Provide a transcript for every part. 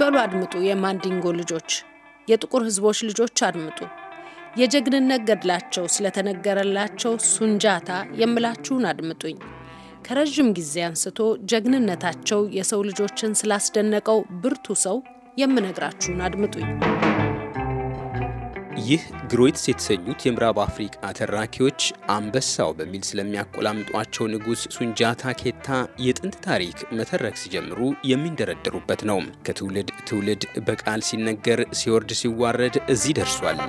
በሉ አድምጡ፣ የማንዲንጎ ልጆች፣ የጥቁር ህዝቦች ልጆች አድምጡ። የጀግንነት ገድላቸው ስለተነገረላቸው ሱንጃታ የምላችሁን አድምጡኝ። ከረዥም ጊዜ አንስቶ ጀግንነታቸው የሰው ልጆችን ስላስደነቀው ብርቱ ሰው የምነግራችሁን አድምጡኝ። ይህ ግሮይትስ የተሰኙት የምዕራብ አፍሪቃ ተራኪዎች አንበሳው በሚል ስለሚያቆላምጧቸው ንጉሥ ሱንጃታ ኬታ የጥንት ታሪክ መተረክ ሲጀምሩ የሚንደረደሩበት ነው። ከትውልድ ትውልድ በቃል ሲነገር ሲወርድ ሲዋረድ እዚህ ደርሷል።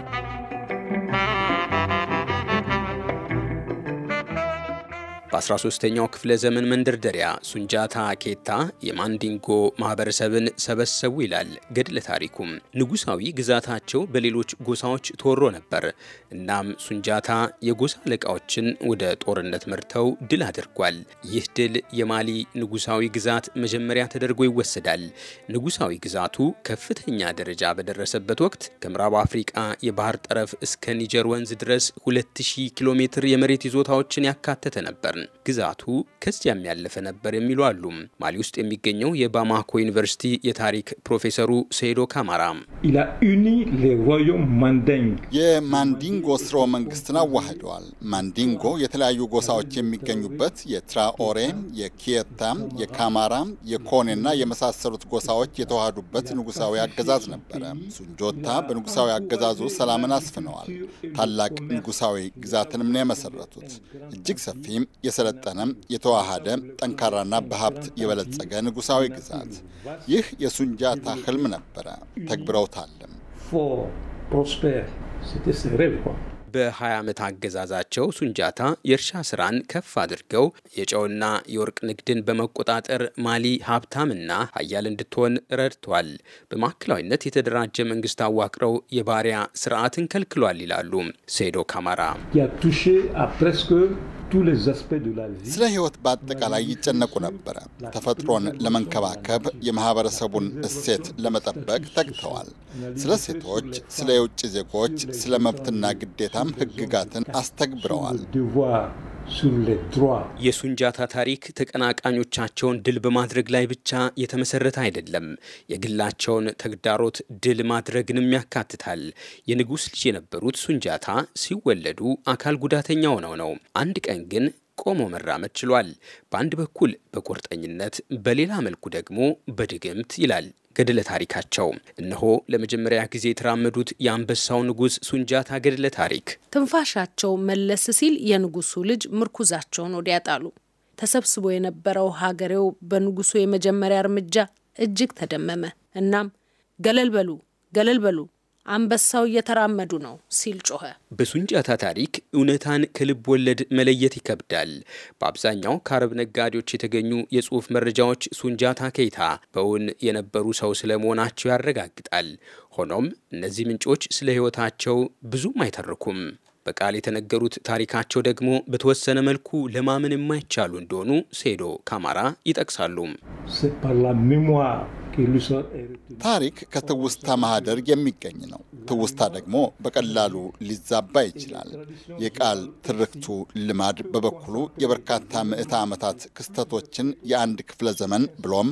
በ13ኛው ክፍለ ዘመን መንደርደሪያ ሱንጃታ ኬታ የማንዲንጎ ማህበረሰብን ሰበሰቡ ይላል ገድለ ታሪኩም። ንጉሳዊ ግዛታቸው በሌሎች ጎሳዎች ተወሮ ነበር። እናም ሱንጃታ የጎሳ አለቃዎችን ወደ ጦርነት መርተው ድል አድርጓል። ይህ ድል የማሊ ንጉሳዊ ግዛት መጀመሪያ ተደርጎ ይወሰዳል። ንጉሳዊ ግዛቱ ከፍተኛ ደረጃ በደረሰበት ወቅት ከምዕራብ አፍሪቃ የባህር ጠረፍ እስከ ኒጀር ወንዝ ድረስ 2000 ኪሎ ሜትር የመሬት ይዞታዎችን ያካተተ ነበር። ግዛቱ ከዚያም ያለፈ ነበር የሚሉ አሉ። ማሊ ውስጥ የሚገኘው የባማኮ ዩኒቨርሲቲ የታሪክ ፕሮፌሰሩ ሴዶ ካማራ የማንዲንጎ ስርወ መንግስትን አዋህደዋል። ማንዲንጎ የተለያዩ ጎሳዎች የሚገኙበት የትራኦሬም፣ የኪየታ፣ የካማራ፣ የኮኔና የመሳሰሉት ጎሳዎች የተዋሃዱበት ንጉሳዊ አገዛዝ ነበረ። ሱንጆታ በንጉሳዊ አገዛዙ ሰላምን አስፍነዋል። ታላቅ ንጉሳዊ ግዛትንም ነው የመሰረቱት። እጅግ ሰፊም፣ የሰለጠነም፣ የተዋሃደ ጠንካራና በሀብት የበለጸገ ንጉሳዊ ግዛት። ይህ የሱንጃታ ህልም ነበረ፣ ተግብረውታለም። በ20 ዓመት አገዛዛቸው ሱንጃታ የእርሻ ስራን ከፍ አድርገው የጨውና የወርቅ ንግድን በመቆጣጠር ማሊ ሀብታምና ሀያል እንድትሆን ረድቷል። በማዕከላዊነት የተደራጀ መንግስት አዋቅረው የባሪያ ስርዓትን ከልክሏል ይላሉ ሴዶ ካማራ ስለ ሕይወት በአጠቃላይ ይጨነቁ ነበረ። ተፈጥሮን ለመንከባከብ የማህበረሰቡን እሴት ለመጠበቅ ተግተዋል። ስለ ሴቶች፣ ስለ የውጭ ዜጎች፣ ስለ መብትና ግዴታም ህግጋትን አስተግብረዋል። የሱንጃታ ታሪክ ተቀናቃኞቻቸውን ድል በማድረግ ላይ ብቻ የተመሰረተ አይደለም። የግላቸውን ተግዳሮት ድል ማድረግንም ያካትታል። የንጉሥ ልጅ የነበሩት ሱንጃታ ሲወለዱ አካል ጉዳተኛ ሆነው ነው። አንድ ቀን ግን ቆሞ መራመድ ችሏል። በአንድ በኩል በቁርጠኝነት፣ በሌላ መልኩ ደግሞ በድግምት ይላል ገድለ ታሪካቸው። እነሆ ለመጀመሪያ ጊዜ የተራመዱት የአንበሳው ንጉሥ ሱንጃታ ገድለ ታሪክ። ትንፋሻቸው መለስ ሲል የንጉሱ ልጅ ምርኩዛቸውን ወዲያ ጣሉ። ተሰብስቦ የነበረው ሀገሬው በንጉሱ የመጀመሪያ እርምጃ እጅግ ተደመመ። እናም ገለል በሉ ገለል በሉ አንበሳው እየተራመዱ ነው ሲል ጮኸ። በሱንጃታ ታሪክ እውነታን ከልብ ወለድ መለየት ይከብዳል። በአብዛኛው ከአረብ ነጋዴዎች የተገኙ የጽሑፍ መረጃዎች ሱንጃታ ኬይታ በእውን የነበሩ ሰው ስለመሆናቸው ያረጋግጣል። ሆኖም እነዚህ ምንጮች ስለ ሕይወታቸው ብዙም አይተርኩም። በቃል የተነገሩት ታሪካቸው ደግሞ በተወሰነ መልኩ ለማመን የማይቻሉ እንደሆኑ ሴዶ ካማራ ይጠቅሳሉ። ታሪክ ከትውስታ ማህደር የሚገኝ ነው። ትውስታ ደግሞ በቀላሉ ሊዛባ ይችላል። የቃል ትርክቱ ልማድ በበኩሉ የበርካታ ምዕተ ዓመታት ክስተቶችን የአንድ ክፍለ ዘመን ብሎም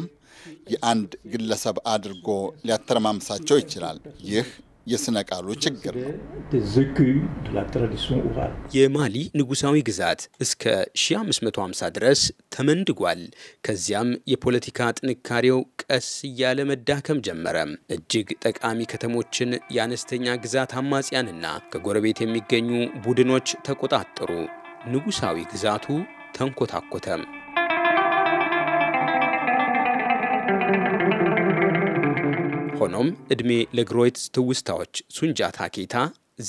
የአንድ ግለሰብ አድርጎ ሊያተረማምሳቸው ይችላል። ይህ የሥነ ቃሉ ችግር ነው። የማሊ ንጉሳዊ ግዛት እስከ 1550 ድረስ ተመንድጓል። ከዚያም የፖለቲካ ጥንካሬው ቀስ እያለ መዳከም ጀመረ። እጅግ ጠቃሚ ከተሞችን የአነስተኛ ግዛት አማጽያንና ከጎረቤት የሚገኙ ቡድኖች ተቆጣጠሩ። ንጉሳዊ ግዛቱ ተንኮታኮተም። ሆኖም ዕድሜ ለግሮይት ትውስታዎች ሱንጃታ ኪታ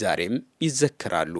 ዛሬም ይዘክራሉ።